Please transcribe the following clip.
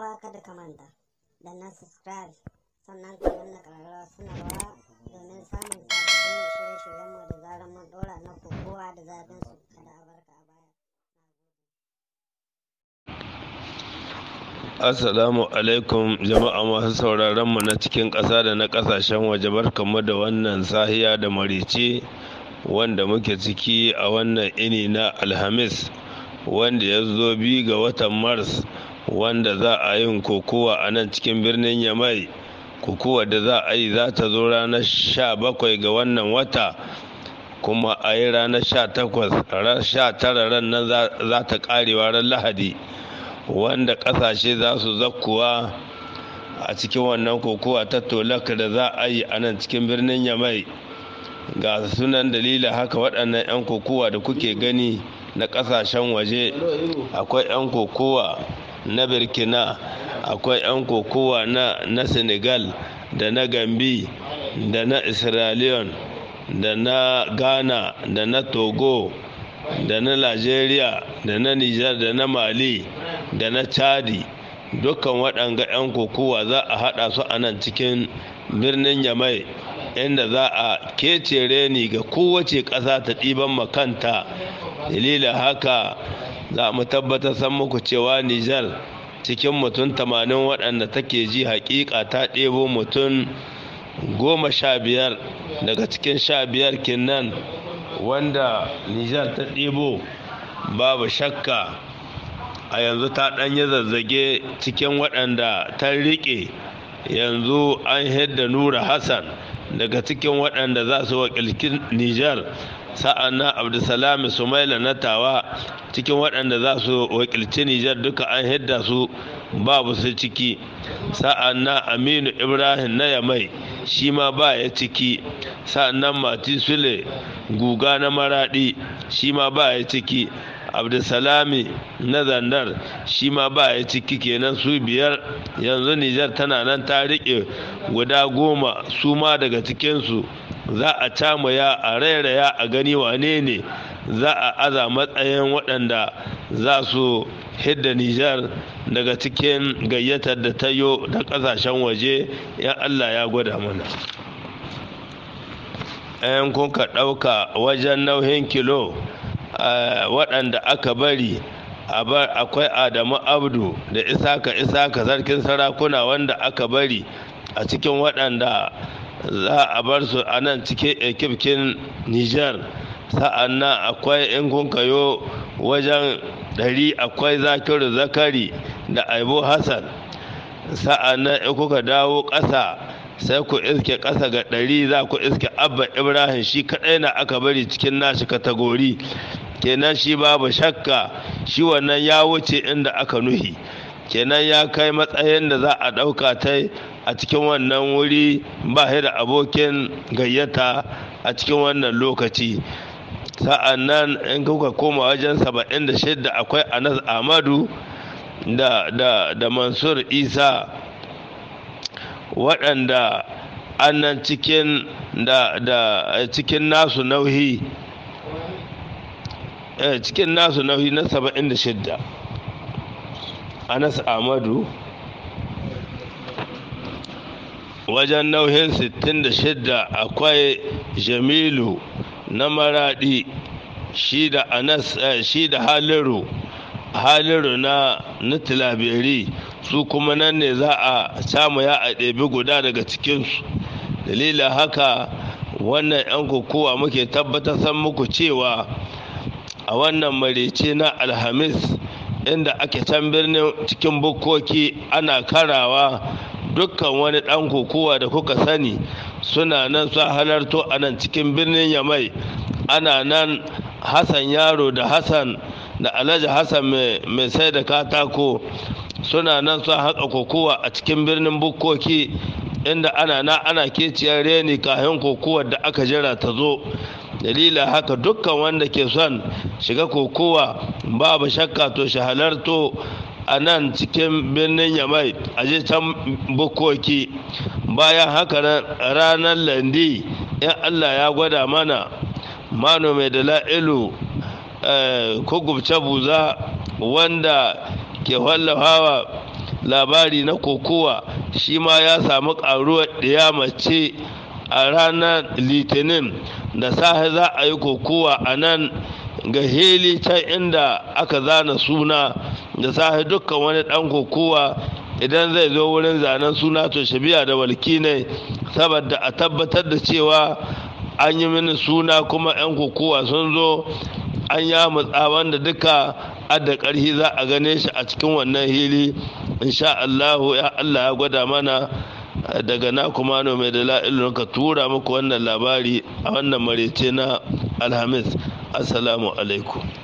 uwa kada ka manta da na subscribe sannan ka danna ƙararrawa sanarwa domin samun sabbin shirye-shiryenmu da zarar mun ɗora na kowa da zafin su kada a a baya. Assalamu alaikum jama'a masu sauraron mu na cikin ƙasa da na ƙasashen waje barkanmu da wannan sahiya da marice wanda muke ciki a wannan ini na Alhamis wanda ya zo bi ga watan Mars wanda za a yin kokowa a nan cikin birnin yamai kokowa da za a yi za ta zo ranar sha bakwai ga wannan wata kuma a yi ranar sha takwas sha tara ran nan za ta karewa ran lahadi wanda kasashe za su zakkuwa a cikin wannan kokowa ta tolaka da za a yi a nan cikin birnin yamai ga sunan dalila haka waɗannan 'yan kokowa da kuke gani na ƙasashen waje akwai 'yan kokowa na burkina akwai 'yan kokowa na, na senegal da na gambi da na israeliyon da na ghana da na togo da na nigeria da na niger da na mali da na chadi dukkan waɗanga 'yan kokowa za a haɗa su a nan cikin birnin yamai inda za a kece reni ga kowace ƙasa ta ɗiban makanta dalilin haka za mu tabbatar san muku cewa Nijar cikin mutum tamanin waɗanda take ji hakika ta ɗebo mutum goma sha biyar daga cikin sha biyar kinnan wanda Nijar ta ɗebo babu shakka a yanzu ta ɗanye zazzage cikin waɗanda ta riƙe yanzu an hidda nura hassan daga cikin waɗanda za su wakilkin Nijar sa'an sa'annan abdulsalam sumaila na tawa cikin waɗanda za su wakilci nijar duka an hidda su babu su ciki sa'an nan aminu ibrahim na yamai shi ma ba ya ciki sa'an nan mati sule guga na maraɗi shi ma ba ya ciki abdulsalami na zandar shi ma ba ya ciki kenan su biyar yanzu nijar tana nan ta riƙe guda goma su ma daga cikinsu za a camaya a rairaya a gani wane ne za a aza matsayin waɗanda za su hidda nijar daga cikin gayyatar da ta yi da ƙasashen waje ya allah ya gwada mana yan kuka ɗauka wajen nauhin kilo eh, waɗanda aka bari akwai adamu abdu da isaka isaka sarkin sarakuna wanda aka bari a cikin waɗanda za a bar su a nan cikin ekifkin niger sa'an nan akwai in kun kayo wajen ɗari akwai zakiru zakari da aibu hassan sa'an nan in kuka dawo ƙasa sai ku iske ƙasa ga ɗari za ku iske abba ibrahim shi kaɗai na aka bari cikin nashi katagori kenan shi babu shakka shi wannan ya wuce inda aka nuhi kenan ya kai matsayin da za a ɗauka ta a cikin wannan wuri ba da abokin gayyata a cikin wannan lokaci sa'an nan in kuka koma wajen saba'in da shidda akwai anas amadu da, mansur isa waɗanda annan cikin da, da cikin nasu nauhi eh, cikin nasu nauyi na saba'in anas amadu wajen nauhin 66 akwai jamilu na maradi shi da Halaru eh, haliru haliru na na su kuma nan ne za a samu ya a ɗebi guda daga cikinsu dalilin haka wannan 'yan kukuwa muke tabbatar san muku cewa a wannan marice na alhamis inda ake can birnin cikin bukkoki ana karawa dukkan wani ɗan kokowa da kuka sani suna nan sa halarto a nan cikin birnin yamai ana nan hassan yaro da hassan da alhaji hassan mai sai da katako suna nan sa haƙa kokowa a cikin birnin bukkoki inda ana na ana keciyar reni kayan kokowar da aka jira ta zo dalila haka dukkan wanda ke son shiga kokowa babu shakka to shi halarto a nan cikin birnin yamai a je can bukoki bayan haka ranar landi in allah ya gwada mana mano da la'ilu eh, ko gubce buza wanda ke wallafawa labari na kokowa shi ma ya samu ƙaruwar ɗaya mace a ranar litinin da sahi za a yi kokowa a nan ga heli can inda aka zana suna da sahi dukkan wani ɗan kokowa idan zai zo wurin zanen suna to shabiya da walki ne saboda a tabbatar da cewa an yi mini suna kuma 'yan kokowa sun zo an yi mutsa wanda duka da ƙarfi za a gane shi a cikin wannan hili insha Allah ya Allah ya gwada mana daga na kuma no mai da la'ilun ka tura muku wannan labari a wannan marece na alhamis assalamu alaikum